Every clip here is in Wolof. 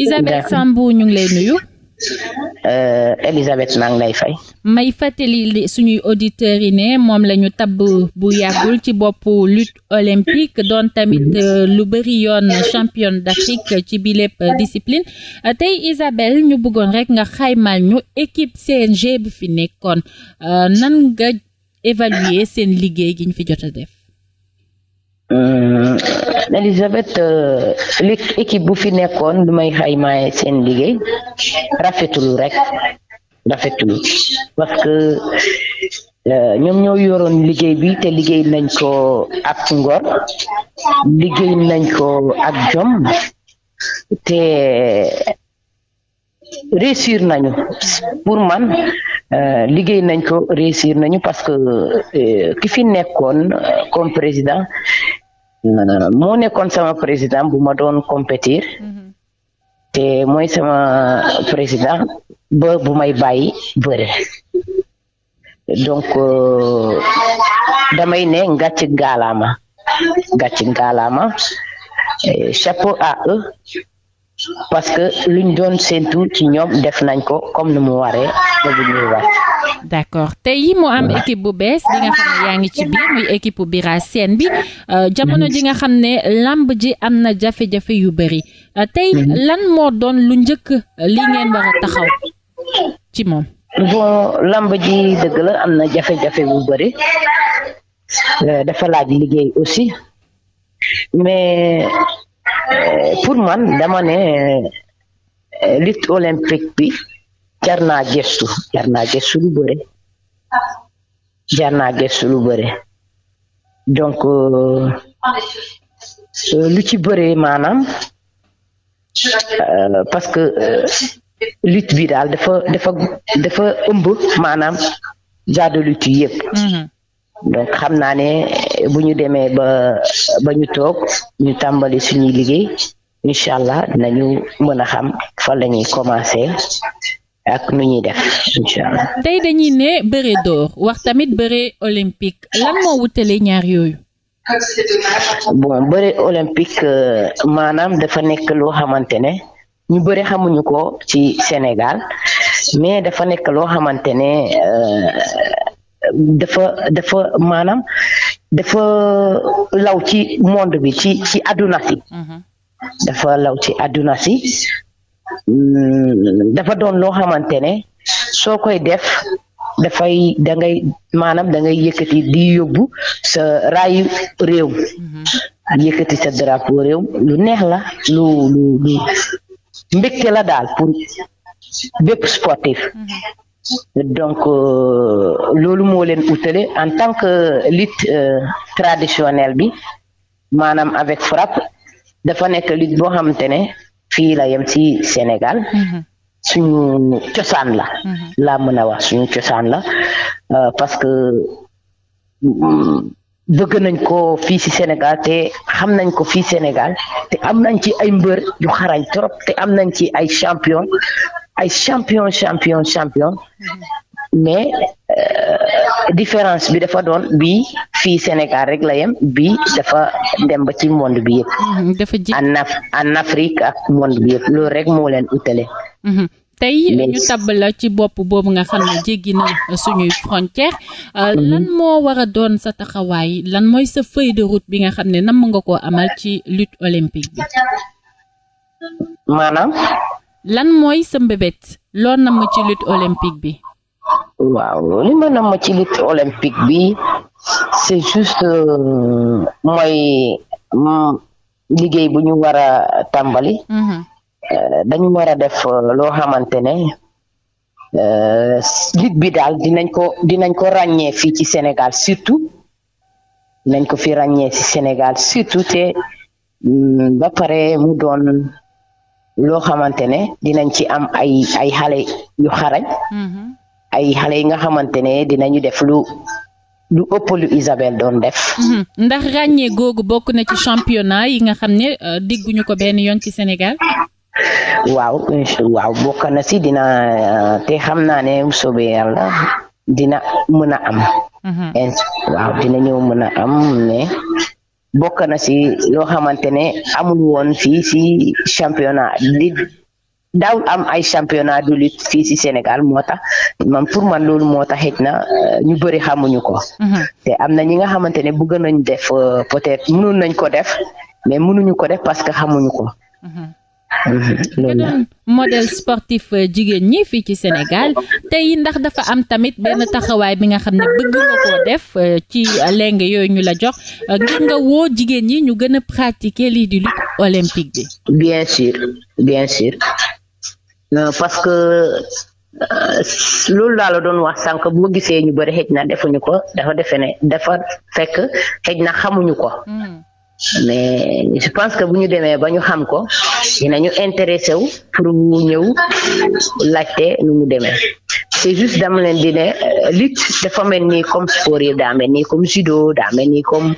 Isabelle Sambou ñu ngi lay nuyu. Euh, Elisabeth maa lay fay. may fàttali suñuy auditeurs yi ne moom la ñu tabb bu yàggul ci boppu lutte olympique doon tamit euh, lu bëri yoon championne d'Afrique ci bi lépp discipline euh, tey Isabelle ñu bëggoon rek nga xaymal ñu équipe CNG bu fi nekkoon euh, nan nga évaluer seen liggéey gi ñu fi jot a def. Euh, Elisabeth euh, li équipe bu fi nekkoon lu may xaymaay seen liggéey rafetul rek rafetul parce que euh, ñoom ñoo yoroon liggéey bi te liggéey nañ ko ak ngor liggéey nañ ko ak jom te réussir nañu pour man liggéey nañ ko réussir nañu parce que ki fi nekkoon comme président non non moo nekkoon sama président bu ma doon compétir mhm. te mooy sama président ba bu may bàyyi bëre donc euh, damay ne ngàcc ngaalaama ngàcc ngaalaama chapeau à eux parce que luñ doon séntu ci ñoom def nañ ko comme ni mu waree ba bu ñuy d' accord tey mu am équipe bu bees bi nga yaa ngi ci biir muy équipe bu bi euh, jamono mm-hmm. ji nga xam ne làmb ji am na jafe-jafe yu bari euh, tey mm-hmm. lan moo doon lu njëkk li ngeen war taxaw ci moom. bon làmb ji dëgg la am na jafe-jafe bu bari euh, dafa laaj liggéey aussi mais pour man dama ne lutte olympique bi. jar naa gëstu jar naa gëstu lu bëre jar naa gëstu lu bëre donc euh, lu ci bëre maanaam euh, parce que euh, lutte bi daal dafa dafa dafa ëmb maanaam genre de lutte yi yëpp mm-hmm. donc xam naa ne bu ñu demee ba ba ñu toog ñu tàmbali suñuy liggéey incha allah dinañu mën a xam la ñuy commencé ak nu ñuy def incha tey dañuy ne bëre d'or wax tamit bëre olympique lan moo wutale ñaar yooyu. bon bëre olympique euh, maanaam dafa nekk loo xamante ne ñu bëri xamuñu ko ci Sénégal mais dafa nekk loo xamante ne euh, dafa dafa maanaam dafa law ci monde bi ci ci àdduna si. Mm-hmm. dafa law ci àdduna si. Mm, dafa doon loo xamante ne soo koy def dafay da ngay maanaam da yëkkati di yóbbu sa raayu réew mm-hmm. yëkkati sa drapeau réew lu neex la lu lu lu mbégte la daal pour bépp sportif mm-hmm. donc euh, loolu moo leen utale en tant que lutte euh, traditionnelle bi maanaam avec frappe dafa nekk lutte boo xamante ne fii la yem ci Sénégal mhm. suñu cosaan la mhm. laa mën a wax suñu cosaan la euh, parce que mm, bëgg nañ ko fii ci Sénégal te xam nañ ko fii Sénégal te am nañ ci ay mbër yu xarañ trop te am nañ ci ay champion ay champion champion champion mhm. mais euh, différence bi dafa doon bii fii Sénégal rek la yem bi dafa dem ba ci monde bi yëpp. Mhm, dafa ji en Af en Afrique ak monde bi yëpp loolu rek moo leen utale. Mhm. tey ñu tabb la ci bopp boobu nga xam ne jéggi na suñuy frontière euh, mhm. lan moo war doon sa taxawaay lan mooy sa feuille de route bi nga xam ne nam nga koo amal ci lutte olympique bi. maanaam. lan mooy sa mbébét loo nam ci lutte olympique bi. waaw loolu ma nam ci lutte olympique bi c'est juste euh, mooy mm, liggéey bu ñu war tàmbali. Mm-hmm. Euh, dañu war a def euh, loo xamante ne lutte bi daal dinañ ko dinañ ko ràññee fii ci Sénégal surtout nañ ko fi ràññee ci Sénégal surtout te mm, ba pare mu doon loo xamante ne dinañ ci am ay ay xale yu xarañ. Mm-hmm. ay xale yi nga dinañu def lu. lu ëpp lu Isabelle doon def. Mhm. ndax ràññee googu bokk na ci championnat yi nga xam ne euh, digguñu ko benn yoon ci Sénégal. waaw waaw bokk na si dina euh, te xam naa ne bu yàlla dina mën a am. Mhm. waaw dina ñëw mën a am ne bokk na ci loo xamante ne amul woon fii si championnat daawul am ay championnat de lutte fii ci Sénégal moo tax man pour man loolu moo tax xëj na euh, ñu bëri xamuñu ko. Mhm. te am na ñi nga xamante ne bëgg nañ def euh, peut-être mënoon nañ ko def mais mënuñu ko def parce que xamuñu ko. loolu mhm. mhm. la sportif euh, jigéen ñi fii ci Sénégal te tey ndax dafa am tamit benn taxawaay bi nga xam ne bëgg nga koo def ci leng yooyu ñu la jox ngir nga woo jigéen ñi ñu gën a pratiquer lii di lutte olympique bi. bien sûr bien sûr Euh, parce que euh, loolu laa la doon wax sànq bu ma gisee ñu bëri xëj na defuñu ko dafa defe ne dafa fekk xëj na xamuñu ko hmm. mais je pense que bu ñu demee ba ñu xam ko dinañu intéressé wu pour mu ñëw laajte nu mu demee c'est juste dama leen di ne euh, lutte dafa mel nii comme sport yi daa nii comme judo daa mel nii comme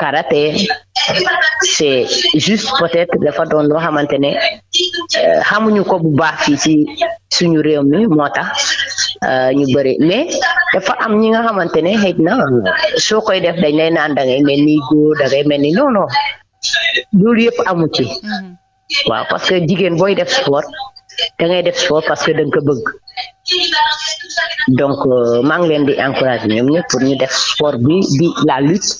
karaté c'est juste peut-être dafa doon loo xamante ne euh, xamuñu ko bu baax fii ci suñu réew mi moo tax euh, ñu bëri mais dafa am ñi nga xamante ne xëy na euh, soo koy def dañ lay naan da ngay mel ni góor da ngay mel ni non loolu yëpp amu ci mm-hmm. waaw parce que jigéen booy def sport da ngay def sport parce que da nga ko bëgg donc maa ngi leen di encourager ñoom pour ñu def sport bi di la lutte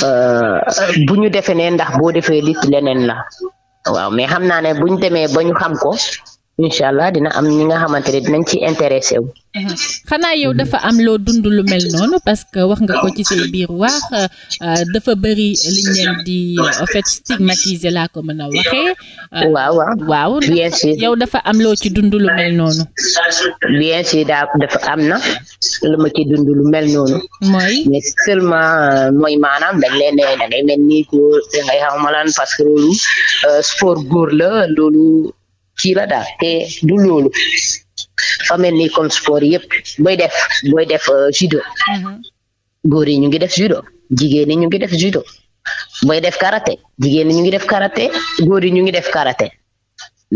Euh, bu ñu defee ne ndax boo defee lit leneen la waaw mais xam naa ne bu ñu demee ba ñu xam ko incha allah dina am ñi nga xamante ne ci intéressé wu. xanaa dafa am loo dund lu mel noonu parce que wax nga ko ci say biir wax euh, dafa bëri liñ leen di en fait stigmatiser laa ko mën a waxee. waaw waaw euh, bien sûr dafa am loo ci dund lu mel noonu. bien sûr daa dafa am na lu ma ci lu mel noonu. mooy mais seulement euh, mooy maanaam dañ leen ne da mel ni ko da ngay xaw ma parce que loolu sport góor la loolu. kii la daal te du loolu fa mel ni comme sport yëpp booy def booy def euh, judo mm-hmm. góor yi ñu ngi def judo jigéen ñi ñu ngi def judo booy def karaté jigéen ñi ñu ngi def karaté góor yi ñu ngi def karaté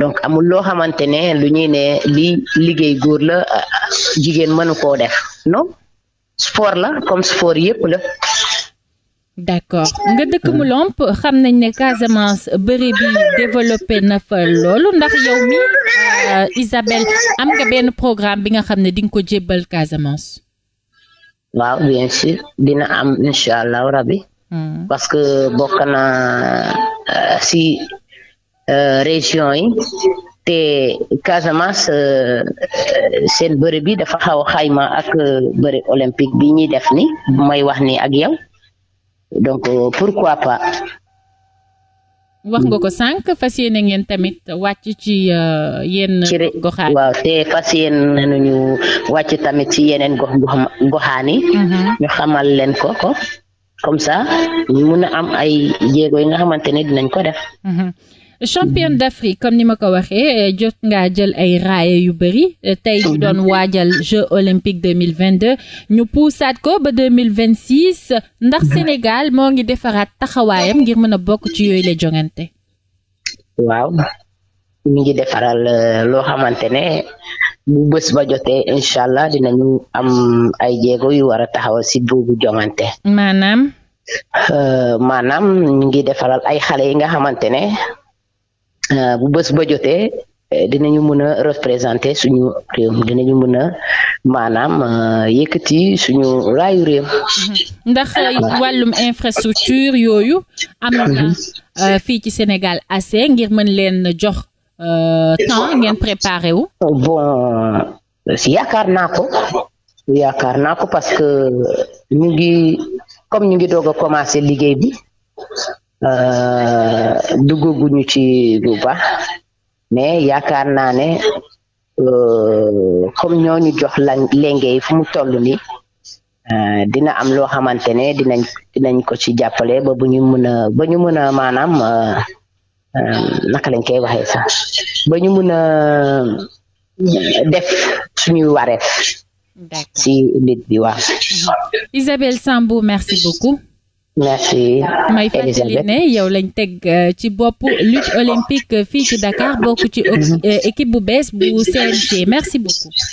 donc amul loo xamante ne lu ñuy ne li liggéey góor la euh, jigéen mënu koo def non sport la comme sport yëpp la d' accord nga dëkk mu lomp xam nañ ne Casamance bëre bi développé na fa loolu ndax yow mi euh, Isabelle am nga benn programme bi nga xam ne di nga ko jébbal Casamance. waaw bien sûr dina am incha allah rabi. Hmm. parce que bokk na euh, si euh, région yi te Casamance seen bëre bi dafa xaw xayma ak bëre olympique bi ñuy def ni may wax ni ak yow. donc euh, pourquoi pas. wax nga ko sànq fas yéene ngeen tamit wàcc ci euh, yenn goxaan waaw te fas yéene nañu wàcc tamit ci yeneen gox goxaan yi mhm. ñu xamal leen ko ko comme ça ñu a am ay jéego yi nga xamante ne dinañ ko def mhm. champion d'Afrique comme ni ma ko waxee eh, jot ngaa jël ay raaya yu bëri eh, tey ñu doon waajal jeu olympique 2022 ñu puusaat ko ba 2026 ndax Sénégal moo ngi defaraat taxawaayam ngir mën a bokk ci yooyu la jongante waaw ñu ngi defaral eh, loo xamante ne bu bés ba jotee incha allah dinañu am ay jéego yu war a taxawal si boobu jongante maanaam maanaam ñu ngi defaral ay xale yi nga xamante ne Euh, bu bës ba jotee euh, dinañu mën a représenter suñu réew dinañu mën a maanaam euh, yëkkati suñu raayu mm-hmm. ndax wàllum infrastructure yooyu. amoon na mm-hmm. fii ci Sénégal assez ngir mën leen jox temps ngeen préparé wu. bon yaakaar naa ko yaakaar naa ko parce que ñu ngi comme ñu ngi doog a commencé liggéey bi. Euh, duggaguñu ci lu baax mais yaakaar naa ne euh, comme ñoo ñu jox la lenge yi fu mu toll ni euh, dina am loo xamante ne dinañ dinañ ko ci jàppale ba bu ñu mën a ba ñu mën a maanaam naka lañ koy waxee sax ba ñu mën a def suñuy wareef si nit bi waaw. Isabelle Sambou merci beaucoup. merci may fàttali ne yow lañ teg euh, ci bopp lutte olympique fii ci Dakar bokk ci euh, équipe bu bees bu CNG merci beaucoup